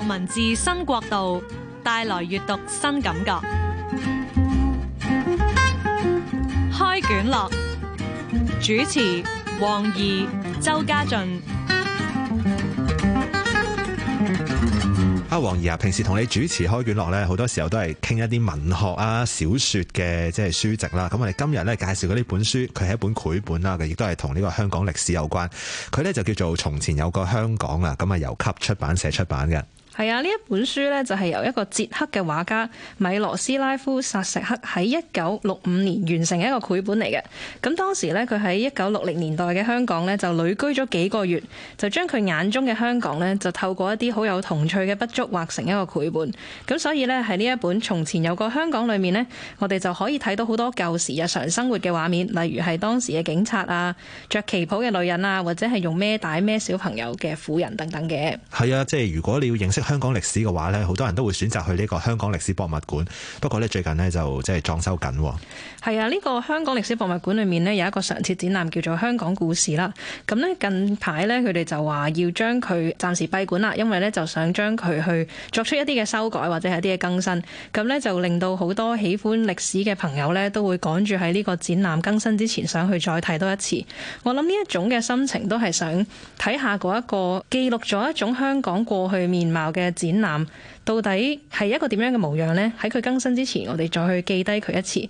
文字新角度，帶來閱讀新感覺。開卷樂，主持黃怡、周家俊。啊，黃怡啊，平時同你主持開卷樂呢，好多時候都係傾一啲文學啊、小說嘅即係書籍啦。咁我哋今日呢，介紹嘅呢本書，佢係一本繪本啦，亦都係同呢個香港歷史有關。佢呢就叫做《從前有個香港》啊，咁啊由級出版社出版嘅。係啊，呢一本書呢就係由一個捷克嘅畫家米洛斯拉夫·薩石克喺一九六五年完成一個繪本嚟嘅。咁當時呢，佢喺一九六零年代嘅香港呢就旅居咗幾個月，就將佢眼中嘅香港呢就透過一啲好有童趣嘅筆觸畫成一個繪本。咁所以呢，喺呢一本《從前有個香港》裏面呢，我哋就可以睇到好多舊時日常生活嘅畫面，例如係當時嘅警察啊、着旗袍嘅女人啊，或者係用孭帶孭小朋友嘅婦人等等嘅。係啊，即係如果你要認識香港歷史嘅話咧，好多人都會選擇去呢個香港歷史博物館。不過咧，最近呢，就即係裝修緊。係啊，呢個香港歷史博物館裏面呢，有一個常設展覽叫做《香港故事》啦。咁呢，近排呢，佢哋就話要將佢暫時閉館啦，因為呢，就想將佢去作出一啲嘅修改或者係一啲嘅更新。咁呢，就令到好多喜歡歷史嘅朋友呢，都會趕住喺呢個展覽更新之前想去再睇多一次。我諗呢一種嘅心情都係想睇下嗰一個記錄咗一種香港過去面貌。嘅展覽到底係一個點樣嘅模樣呢？喺佢更新之前，我哋再去記低佢一次。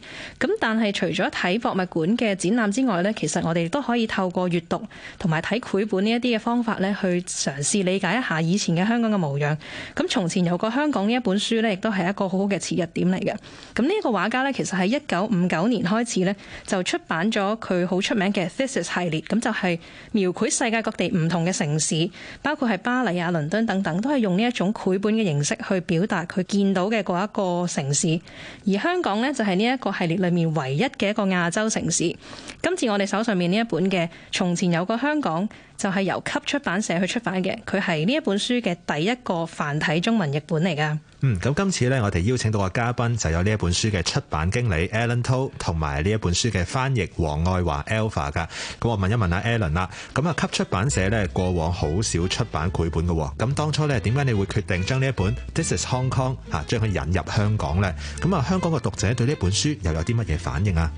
咁但係除咗睇博物館嘅展覽之外呢，其實我哋都可以透過閱讀同埋睇繪本呢一啲嘅方法呢，去嘗試理解一下以前嘅香港嘅模樣。咁從前有個香港呢一本書呢，亦都係一個好好嘅切入點嚟嘅。咁呢一個畫家呢，其實喺一九五九年開始呢，就出版咗佢好出名嘅 Thesis 系列，咁就係描繪世界各地唔同嘅城市，包括係巴黎啊、倫敦等等，都係用呢一種繪本嘅形式去表達佢見到嘅嗰一個城市，而香港呢，就係呢一個系列裏面唯一嘅一個亞洲城市。今次我哋手上面呢一本嘅《從前有個香港》。就係由級出版社去出版嘅，佢係呢一本書嘅第一個繁體中文譯本嚟噶。嗯，咁今次呢，我哋邀請到嘅嘉賓就有呢一本書嘅出版經理 Alan To 同埋呢一本書嘅翻譯黃愛華 Alpha 噶。咁我問一問阿 Alan 啦。咁啊，級出版社呢過往好少出版繪本嘅，咁當初呢點解你會決定將呢一本 This Is Hong Kong 吓、啊、將佢引入香港呢？咁啊，香港嘅讀者對呢本書又有啲乜嘢反應啊？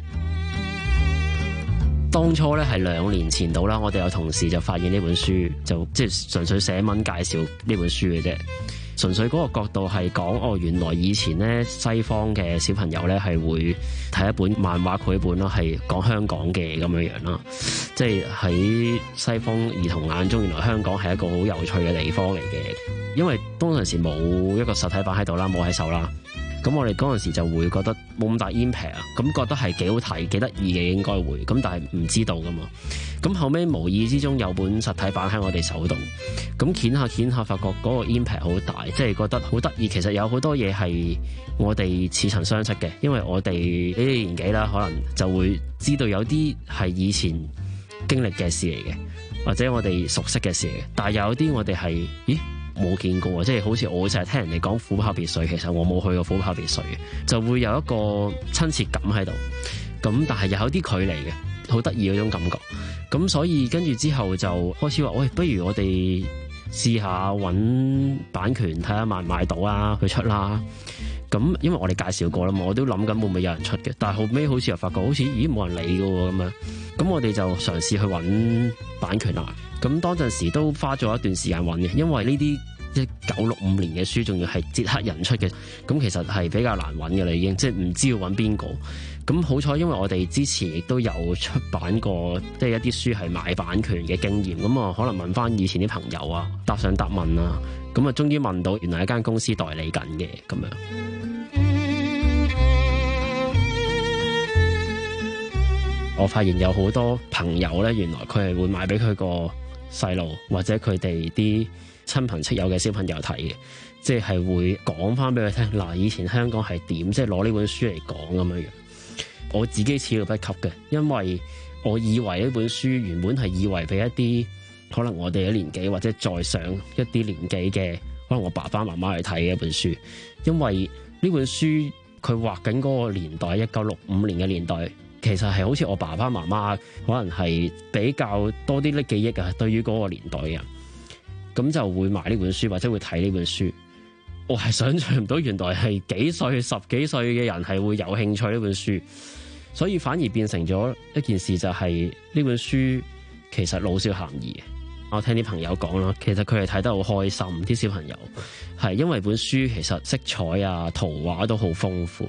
當初咧係兩年前到啦，我哋有同事就發現呢本書，就即係純粹寫文介紹呢本書嘅啫，純粹嗰個角度係講哦，原來以前咧西方嘅小朋友咧係會睇一本漫畫繪本咯，係講香港嘅咁樣樣啦，即係喺西方兒童眼中，原來香港係一個好有趣嘅地方嚟嘅，因為當陣時冇一個實體版喺度啦，冇喺手啦。咁我哋嗰陣時就會覺得冇咁大 impact 啊，咁覺得係幾好睇、幾得意嘅應該會，咁但係唔知道噶嘛。咁後尾無意之中有本實體版喺我哋手度，咁攪下攪下，發覺嗰個 impact 好大，即係覺得好得意。其實有好多嘢係我哋似曾相識嘅，因為我哋呢啲年紀啦，可能就會知道有啲係以前經歷嘅事嚟嘅，或者我哋熟悉嘅事嚟嘅，但係有啲我哋係，咦？冇見過，即係好似我就係聽人哋講虎豹別墅，其實我冇去過虎豹別墅嘅，就會有一個親切感喺度，咁但係又有啲距離嘅，好得意嗰種感覺。咁所以跟住之後就開始話：喂、哎，不如我哋試下揾版權，睇下買唔買到啊，佢出啦！咁，因為我哋介紹過啦嘛，我都諗緊會唔會有人出嘅。但係後尾好似又發覺，好似咦冇人理㗎喎咁樣。咁我哋就嘗試去揾版權啦。咁當陣時都花咗一段時間揾嘅，因為呢啲一九六五年嘅書仲要係捷克人出嘅，咁其實係比較難揾㗎啦已經，即係唔知要揾邊個。咁好彩，因為我哋之前亦都有出版過，即係一啲書係買版權嘅經驗。咁啊，可能問返以前啲朋友啊，答上答問啊，咁啊，終於問到原來一間公司代理緊嘅咁樣。我發現有好多朋友咧，原來佢係會買俾佢個細路，或者佢哋啲親朋戚友嘅小朋友睇嘅，即係會講翻俾佢聽。嗱，以前香港係點？即係攞呢本書嚟講咁樣樣。我自己始料不及嘅，因為我以為呢本書原本係以為俾一啲可能我哋嘅年紀，或者再上一啲年紀嘅，可能我爸爸媽媽去睇嘅一本書。因為呢本書佢畫緊嗰個年代，一九六五年嘅年代。其實係好似我爸爸媽媽可能係比較多啲啲記憶啊，對於嗰個年代嘅人，咁就會買呢本書或者會睇呢本書。我係想象唔到原來係幾歲十幾歲嘅人係會有興趣呢本書，所以反而變成咗一件事就係呢本書其實老少咸宜嘅。我聽啲朋友講咯，其實佢哋睇得好開心，啲小朋友係因為本書其實色彩啊、圖畫都好豐富，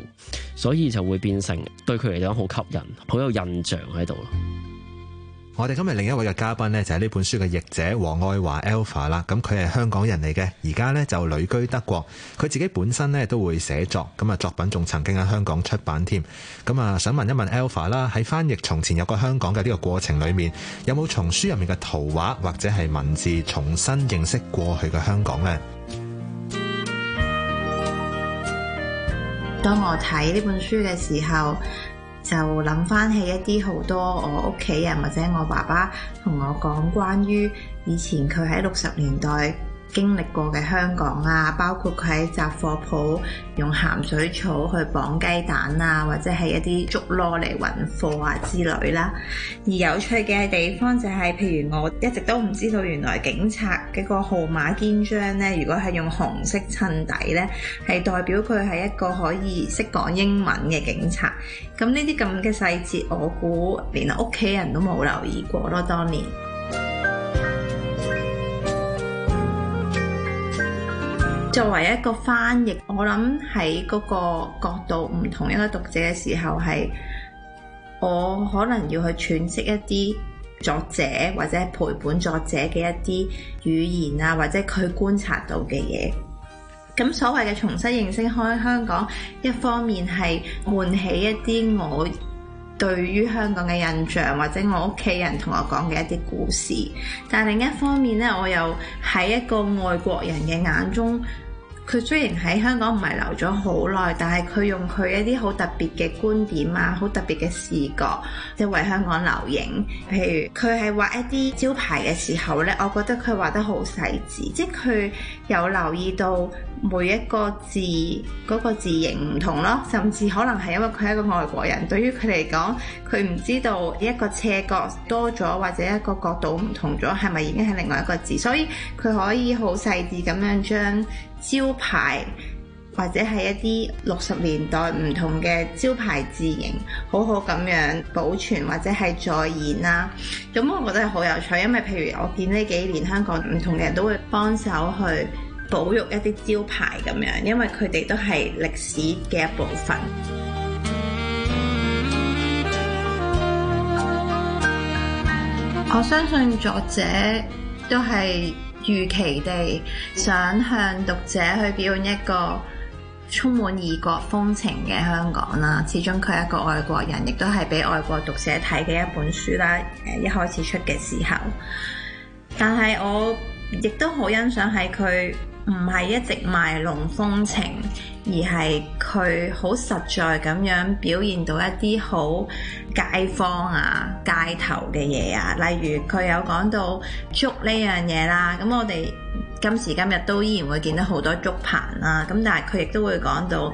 所以就會變成對佢嚟講好吸引、好有印象喺度咯。我哋今日另一位嘅嘉賓呢，就係呢本書嘅譯者黃愛華 Alpha 啦。咁佢係香港人嚟嘅，而家呢就旅居德國。佢自己本身呢都會寫作，咁啊作品仲曾經喺香港出版添。咁啊，想問一問 Alpha 啦，喺翻譯從前有個香港嘅呢個過程裏面，有冇從書入面嘅圖畫或者係文字重新認識過去嘅香港呢？當我睇呢本書嘅時候。就諗翻起一啲好多我屋企人或者我爸爸同我講關於以前佢喺六十年代。經歷過嘅香港啊，包括佢喺雜貨鋪用鹹水草去綁雞蛋啊，或者係一啲竹籮嚟運貨啊之類啦、啊。而有趣嘅地方就係、是，譬如我一直都唔知道，原來警察嘅個號碼肩章呢，如果係用紅色襯底呢，係代表佢係一個可以識講英文嘅警察。咁呢啲咁嘅細節，我估連屋企人都冇留意過咯，當年。作為一個翻譯，我諗喺嗰個角度唔同一個讀者嘅時候，係我可能要去闡釋一啲作者或者陪伴作者嘅一啲語言啊，或者佢觀察到嘅嘢。咁所謂嘅重新認識開香港，一方面係喚起一啲我對於香港嘅印象，或者我屋企人同我講嘅一啲故事，但另一方面咧，我又喺一個外國人嘅眼中。佢雖然喺香港唔係留咗好耐，但係佢用佢一啲好特別嘅觀點啊，好特別嘅視角，即係為香港留影。譬如佢係畫一啲招牌嘅時候呢，我覺得佢畫得好細緻，即係佢有留意到每一個字嗰個字形唔同咯。甚至可能係因為佢係一個外國人，對於佢嚟講，佢唔知道一個斜角多咗或者一個角度唔同咗，係咪已經係另外一個字，所以佢可以好細緻咁樣將招牌或者係一啲六十年代唔同嘅招牌字形，好好咁樣保存或者係再現啦。咁我覺得係好有趣，因為譬如我見呢幾年香港唔同嘅人都會幫手去保育一啲招牌咁樣，因為佢哋都係歷史嘅一部分。我相信作者都係。預期地想向讀者去表現一個充滿異國風情嘅香港啦，始終佢係一個外國人，亦都係俾外國讀者睇嘅一本書啦。誒，一開始出嘅時候，但係我亦都好欣賞喺佢。唔係一直賣弄風情，而係佢好實在咁樣表現到一啲好街坊啊、街頭嘅嘢啊。例如佢有講到竹呢樣嘢啦，咁我哋今時今日都依然會見到好多竹棚啦、啊。咁但係佢亦都會講到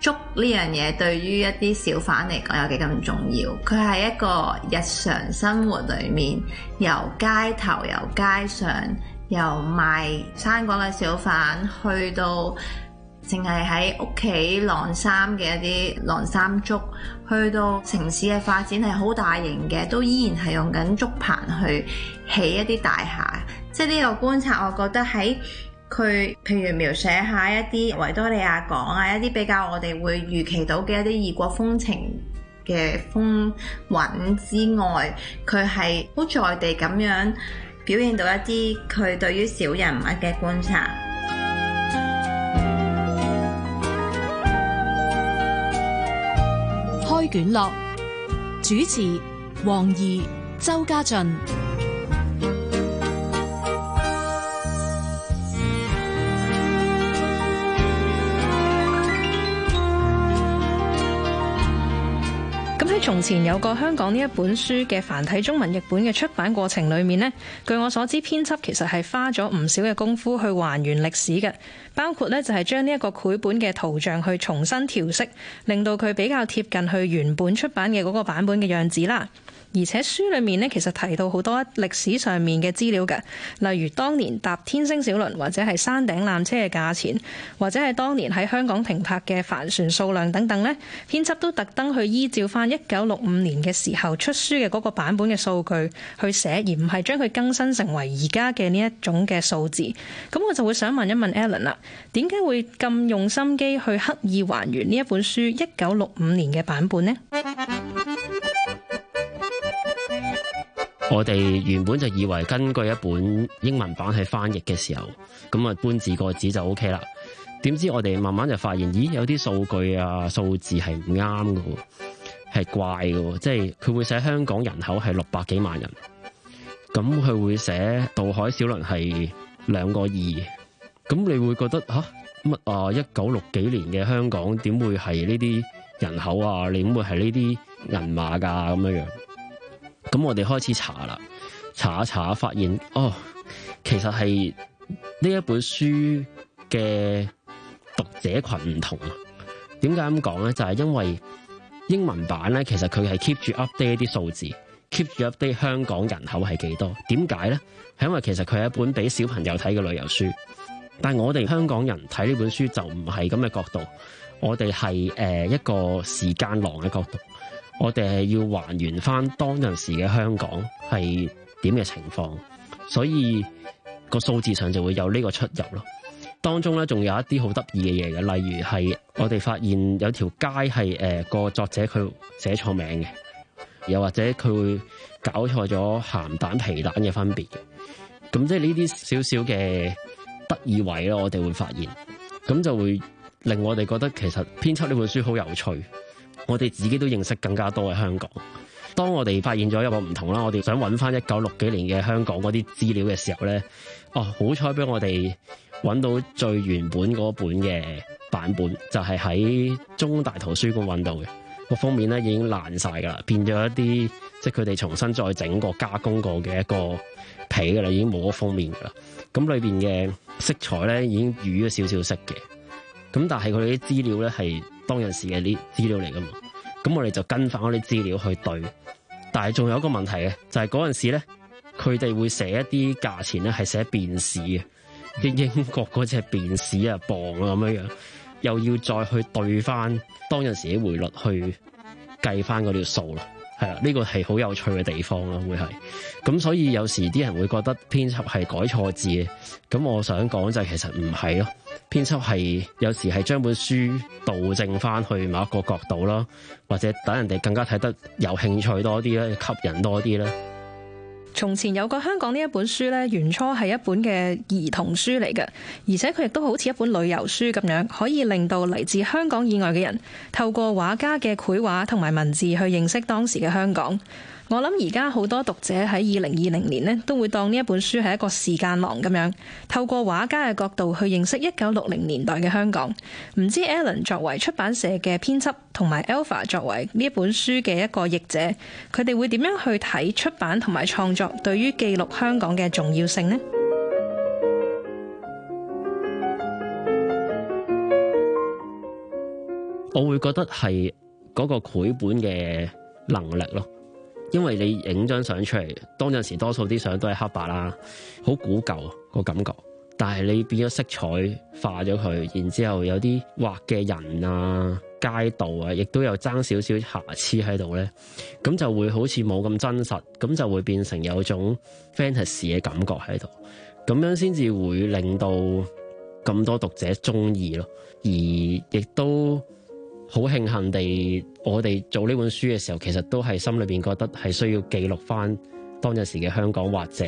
竹呢樣嘢對於一啲小販嚟講有幾咁重要。佢係一個日常生活裡面由街頭由街上。由賣生果嘅小販，去到淨係喺屋企晾衫嘅一啲晾衫竹，去到城市嘅發展係好大型嘅，都依然係用緊竹棚去起一啲大廈。即係呢個觀察，我覺得喺佢譬如描寫下一啲維多利亞港啊，一啲比較我哋會預期到嘅一啲異國風情嘅風韻之外，佢係好在地咁樣。表現到一啲佢對於小人物嘅觀察。開卷樂，主持黃怡、周家俊。從前有個香港呢一本書嘅繁體中文譯本嘅出版過程裏面咧，據我所知，編輯其實係花咗唔少嘅功夫去還原歷史嘅，包括呢，就係將呢一個繪本嘅圖像去重新調色，令到佢比較貼近去原本出版嘅嗰個版本嘅樣子啦。而且書裏面咧，其實提到好多歷史上面嘅資料嘅，例如當年搭天星小輪或者係山頂纜車嘅價錢，或者係當年喺香港停泊嘅帆船數量等等呢，編輯都特登去依照翻一九六五年嘅時候出書嘅嗰個版本嘅數據去寫，而唔係將佢更新成為而家嘅呢一種嘅數字。咁我就會想問一問 Alan 啦，點解會咁用心機去刻意還原呢一本書一九六五年嘅版本呢？我哋原本就以為根據一本英文版去翻譯嘅時候，咁啊搬字過紙就 O K 啦。點知我哋慢慢就發現，咦，有啲數據啊數字係唔啱嘅，係怪嘅，即係佢會寫香港人口係六百幾萬人，咁佢會寫渡海小輪係兩個二，咁你會覺得吓？乜啊一九六幾年嘅香港點會係呢啲人口啊？點會係呢啲銀碼㗎咁樣樣？咁我哋開始查啦，查一查，發現哦，其實係呢一本書嘅讀者群唔同。點解咁講咧？就係因為英文版咧，其實佢係 keep 住 update 啲數字，keep 住 update 香港人口係幾多。點解咧？係因為其實佢係一本俾小朋友睇嘅旅遊書，但係我哋香港人睇呢本書就唔係咁嘅角度，我哋係誒一個時間廊嘅角度。我哋係要還原翻當陣時嘅香港係點嘅情況，所以個數字上就會有呢個出入咯。當中咧仲有一啲好得意嘅嘢嘅，例如係我哋發現有條街係誒個作者佢寫錯名嘅，又或者佢會搞錯咗鹹蛋皮蛋嘅分別嘅。咁即係呢啲少少嘅得意位咯，我哋會發現，咁就會令我哋覺得其實編輯呢本書好有趣。我哋自己都認識更加多嘅香港。當我哋發現咗一個唔同啦，我哋想揾翻一九六幾年嘅香港嗰啲資料嘅時候咧，哦，好彩俾我哋揾到最原本嗰本嘅版本，就係喺中大圖書館揾到嘅。個封面咧已經爛晒㗎啦，變咗一啲即係佢哋重新再整個加工過嘅一個皮㗎啦，已經冇咗封面㗎啦。咁裏邊嘅色彩咧已經淤咗少少色嘅。咁但係佢哋啲資料咧係當陣時嘅啲資料嚟噶嘛，咁我哋就跟翻嗰啲資料去對，但係仲有一個問題嘅，就係嗰陣時咧佢哋會寫一啲價錢咧係寫便士嘅，英國嗰隻便士啊磅啊咁樣樣，又要再去對翻當陣時嘅匯率去計翻嗰條數咯。係啦，呢個係好有趣嘅地方咯，會係咁，所以有時啲人會覺得編輯係改錯字嘅，咁我想講就係其實唔係咯，編輯係有時係將本書導正翻去某一個角度咯，或者等人哋更加睇得有興趣多啲咧，吸引多啲咧。從前，有個香港呢一本書，呢原初係一本嘅兒童書嚟嘅，而且佢亦都好似一本旅遊書咁樣，可以令到嚟自香港以外嘅人透過畫家嘅繪畫同埋文字去認識當時嘅香港。我諗而家好多讀者喺二零二零年咧，都會當呢一本書係一個時間廊咁樣，透過畫家嘅角度去認識一九六零年代嘅香港。唔知 Alan 作為出版社嘅編輯，同埋 Alpha 作為呢一本書嘅一個譯者，佢哋會點樣去睇出版同埋創作對於記錄香港嘅重要性呢？我會覺得係嗰個繪本嘅能力咯。因為你影張相出嚟，當陣時多數啲相都係黑白啦，好古舊個感覺。但係你變咗色彩，化咗佢，然之後有啲畫嘅人啊、街道啊，亦都有爭少少瑕疵喺度咧，咁就會好似冇咁真實，咁就會變成有種 fantasy 嘅感覺喺度，咁樣先至會令到咁多讀者鍾意咯，而亦都。好慶幸地，我哋做呢本書嘅時候，其實都係心裏面覺得係需要記錄翻當陣時嘅香港，或者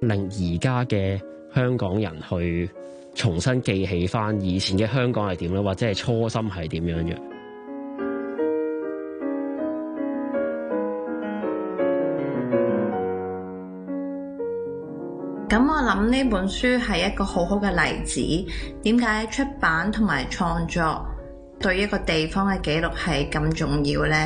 令而家嘅香港人去重新記起翻以前嘅香港係點咯，或者係初心係點樣樣。咁我諗呢本書係一個好好嘅例子。點解出版同埋創作？對一個地方嘅記錄係咁重要呢？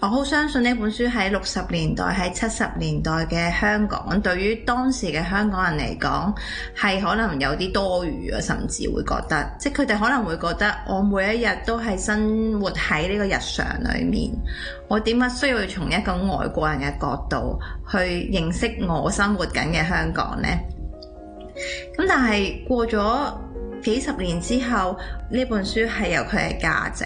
我好相信呢本書喺六十年代喺七十年代嘅香港，對於當時嘅香港人嚟講，係可能有啲多餘啊，甚至會覺得，即係佢哋可能會覺得，我每一日都係生活喺呢個日常裏面，我點解需要從一個外國人嘅角度去認識我生活緊嘅香港呢？咁但係過咗，幾十年之後，呢本書係有佢嘅價值，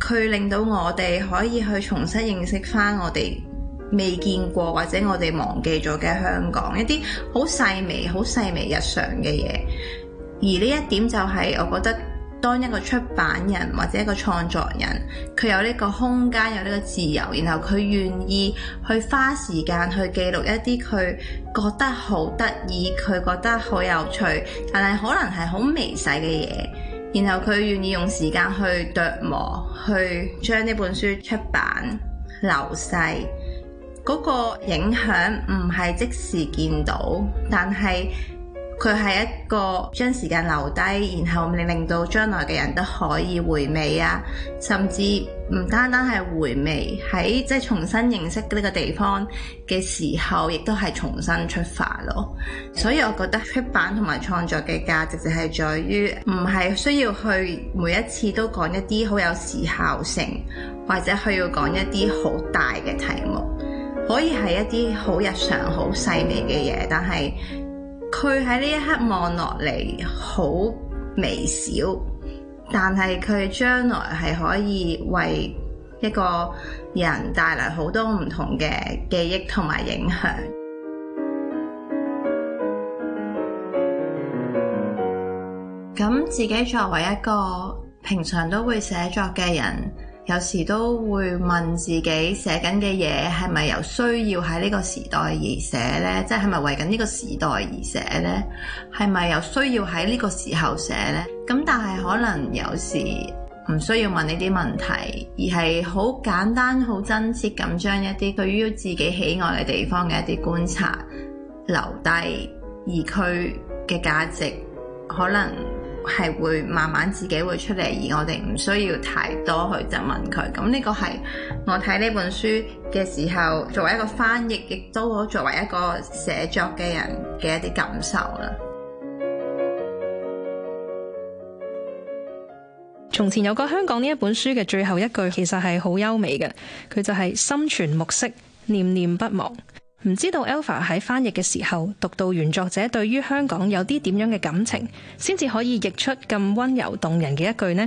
佢令到我哋可以去重新認識返我哋未見過或者我哋忘記咗嘅香港一啲好細微、好細微日常嘅嘢，而呢一點就係我覺得。當一個出版人或者一個創作人，佢有呢個空間，有呢個自由，然後佢願意去花時間去記錄一啲佢覺得好得意、佢覺得好有趣，但係可能係好微細嘅嘢，然後佢願意用時間去琢磨，去將呢本書出版流世，嗰個影響唔係即時見到，但係。佢係一個將時間留低，然後令令到將來嘅人都可以回味啊，甚至唔單單係回味，喺即係重新認識呢個地方嘅時候，亦都係重新出發咯。所以我覺得出版同埋創作嘅價值就係在於，唔係需要去每一次都講一啲好有時效性，或者佢要講一啲好大嘅題目，可以係一啲好日常、好細微嘅嘢，但係。佢喺呢一刻望落嚟好微小，但係佢將來係可以為一個人帶嚟好多唔同嘅記憶同埋影響。咁自己作為一個平常都會寫作嘅人。有時都會問自己寫緊嘅嘢係咪由需要喺呢個時代而寫呢？即係咪為緊呢個時代而寫呢？係咪由需要喺呢個時候寫呢？咁但係可能有時唔需要問呢啲問題，而係好簡單、好真切咁將一啲對於自己喜愛嘅地方嘅一啲觀察留低，而佢嘅價值可能，係會慢慢自己會出嚟，而我哋唔需要太多去責問佢。咁呢個係我睇呢本書嘅時候，作為一個翻譯，亦都我作為一個寫作嘅人嘅一啲感受啦。從前有個香港呢一本書嘅最後一句，其實係好優美嘅，佢就係心存目色，念念不忘。唔知道 Alpha 喺翻譯嘅時候，讀到原作者對於香港有啲點樣嘅感情，先至可以譯出咁溫柔動人嘅一句呢？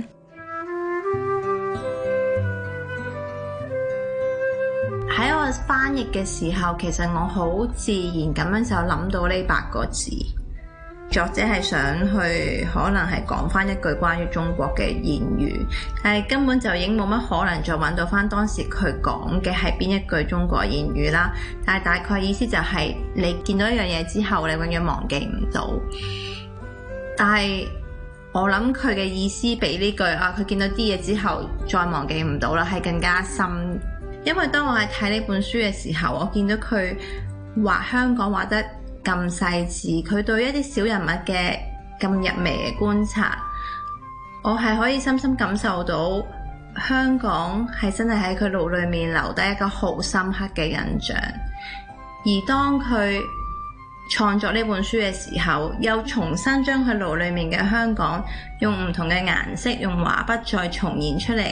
喺我翻譯嘅時候，其實我好自然咁樣就諗到呢八個字。作者係想去，可能係講翻一句關於中國嘅諺語，但係根本就已經冇乜可能再揾到翻當時佢講嘅係邊一句中國諺語啦但係大概意思就係，你見到一樣嘢之後，你永遠忘記唔到。但係我諗佢嘅意思比呢句啊，佢見到啲嘢之後再忘記唔到啦，係更加深。因為當我係睇呢本書嘅時候，我見到佢畫香港畫得，咁細緻，佢對一啲小人物嘅咁入微嘅觀察，我係可以深深感受到香港係真係喺佢腦裏面留低一個好深刻嘅印象。而當佢創作呢本書嘅時候，又重新將佢腦裏面嘅香港用唔同嘅顏色用畫筆再重現出嚟。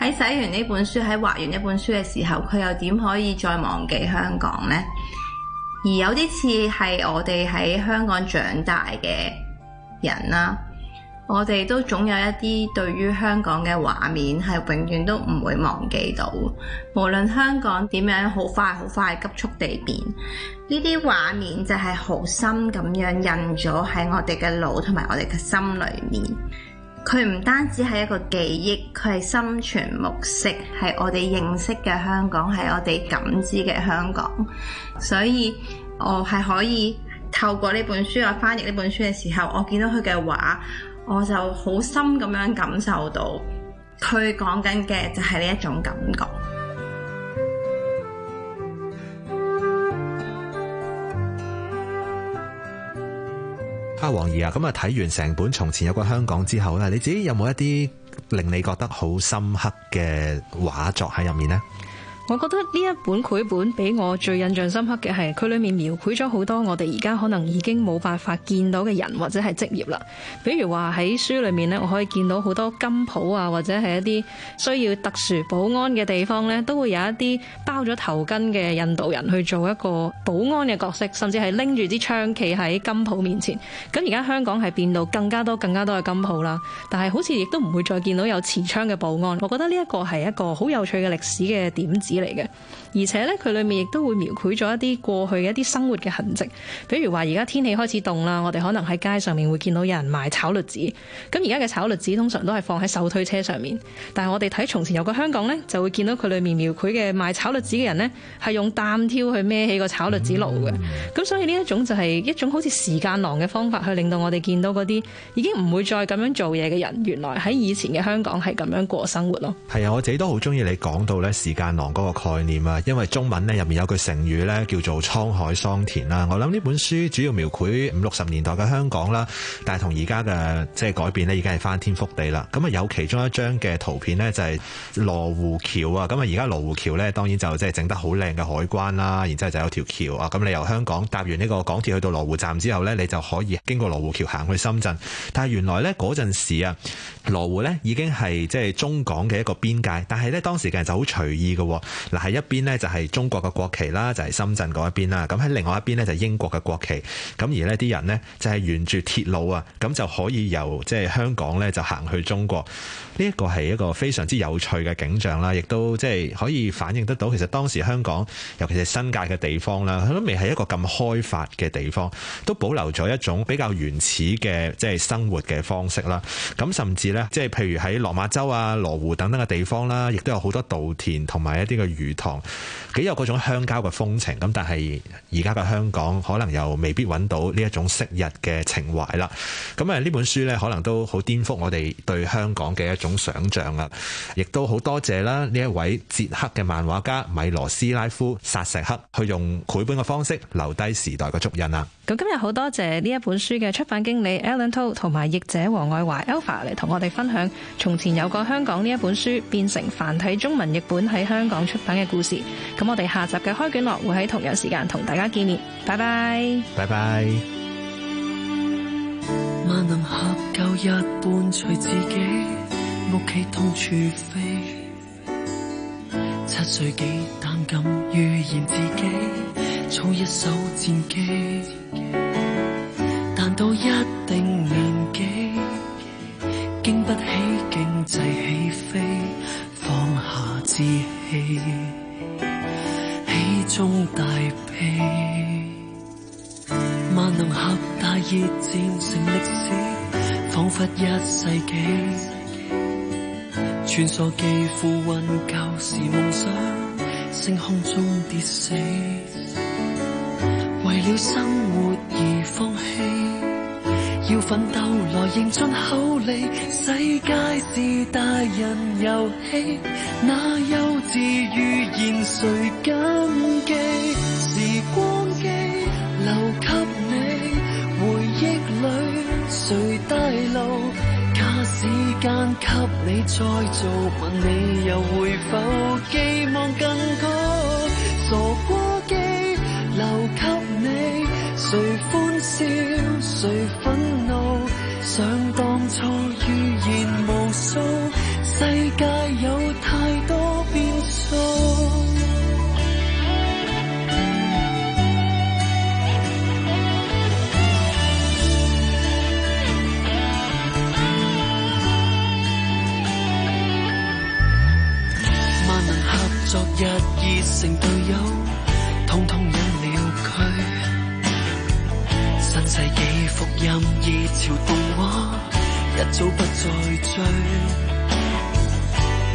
喺寫完呢本書，喺畫完呢本書嘅時候，佢又點可以再忘記香港呢？而有啲似係我哋喺香港長大嘅人啦，我哋都總有一啲對於香港嘅畫面係永遠都唔會忘記到，無論香港點樣好快好快急速地變，呢啲畫面就係好深咁樣印咗喺我哋嘅腦同埋我哋嘅心裏面。佢唔單止係一個記憶，佢係心存目識，係我哋認識嘅香港，係我哋感知嘅香港。所以，我係可以透過呢本書，我翻譯呢本書嘅時候，我見到佢嘅畫，我就好深咁樣感受到，佢講緊嘅就係呢一種感覺。阿黃儀啊，咁啊睇完成本《從前有個香港》之後咧，你自己有冇一啲令你覺得好深刻嘅畫作喺入面呢？我覺得呢一本繪本俾我最印象深刻嘅係佢裡面描繪咗好多我哋而家可能已經冇辦法見到嘅人或者係職業啦。比如話喺書裡面咧，我可以見到好多金鋪啊，或者係一啲需要特殊保安嘅地方咧，都會有一啲包咗頭巾嘅印度人去做一個保安嘅角色，甚至係拎住支槍企喺金鋪面前。咁而家香港係變到更加多更加多嘅金鋪啦，但係好似亦都唔會再見到有持槍嘅保安。我覺得呢一個係一個好有趣嘅歷史嘅點子。而且呢，佢裏面亦都會描繪咗一啲過去嘅一啲生活嘅痕跡，比如話而家天氣開始凍啦，我哋可能喺街上面會見到有人賣炒栗子，咁而家嘅炒栗子通常都係放喺手推車上面，但係我哋睇從前有個香港呢，就會見到佢裏面描繪嘅賣炒栗子嘅人呢，係用擔挑去孭起個炒栗子爐嘅，咁、嗯、所以呢一種就係一種好似時間囊嘅方法，去令到我哋見到嗰啲已經唔會再咁樣做嘢嘅人，原來喺以前嘅香港係咁樣過生活咯。係啊，我自己都好中意你講到呢時間囊。個概念啊，因為中文咧入面有句成語咧叫做滄海桑田啦。我諗呢本書主要描繪五六十年代嘅香港啦，但係同而家嘅即係改變咧已經係翻天覆地啦。咁啊有其中一張嘅圖片呢，就係羅湖橋啊，咁啊而家羅湖橋呢，當然就即係整得好靚嘅海關啦，然之後就有條橋啊。咁你由香港搭完呢個港鐵去到羅湖站之後呢，你就可以經過羅湖橋行去深圳。但係原來呢嗰陣時啊，羅湖呢已經係即係中港嘅一個邊界，但係呢當時嘅人就好隨意嘅。嗱，喺一邊咧就係中國嘅國旗啦，就係深圳嗰一邊啦。咁喺另外一邊咧就係英國嘅國旗。咁、就是、而咧啲人咧就係沿住鐵路啊，咁就可以由即係香港咧就行去中國。呢一個係一個非常之有趣嘅景象啦，亦都即係可以反映得到，其實當時香港，尤其是新界嘅地方啦，佢都未係一個咁開發嘅地方，都保留咗一種比較原始嘅即係生活嘅方式啦。咁甚至咧，即係譬如喺落馬洲啊、羅湖等等嘅地方啦，亦都有好多稻田同埋一啲魚塘幾有嗰種鄉郊嘅風情咁，但係而家嘅香港可能又未必搵到呢一種昔日嘅情懷啦。咁啊，呢本書呢，可能都好顛覆我哋對香港嘅一種想象啊！亦都好多謝啦，呢一位捷克嘅漫畫家米羅斯拉夫薩石克去用繪本嘅方式留低時代嘅足印啦。咁今日好多謝呢一本書嘅出版經理 Alan To 同埋譯者黃愛華 Alpha 嚟同我哋分享從前有個香港呢一本書變成繁體中文譯本喺香港出版嘅故事。咁我哋下集嘅開卷樂會喺同樣時間同大家見面。拜拜，拜拜 bye。萬能合舊日伴隨自己，木器痛處飛，七歲幾膽敢預言自己。操一手戰機，但到一定年紀，經不起經濟起飛，放下志氣，喜中帶悲。萬能俠大熱戰勝歷史，仿佛一世紀，穿梭機負運舊時夢想，星空中跌死。要生活而放棄，要奮鬥來贏盡口氣。世界是大人遊戲，那幼稚語言誰謹記？時光機留給你，回憶裏誰帶路？假時間給你再做，問你又會否寄望更高？傻瓜機留給。誰歡笑，誰憤怒，想當初預言無數，世界有他。福音熱潮動畫，一早不再追。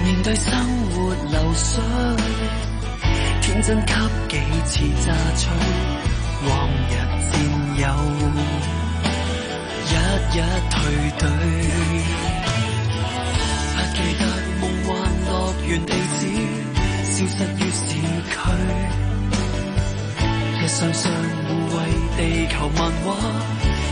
面對生活流沙，天真給幾次榨取。往日戰友，一一退隊。不記得夢幻樂園地址，消失於市區。一雙雙護衛地球漫畫。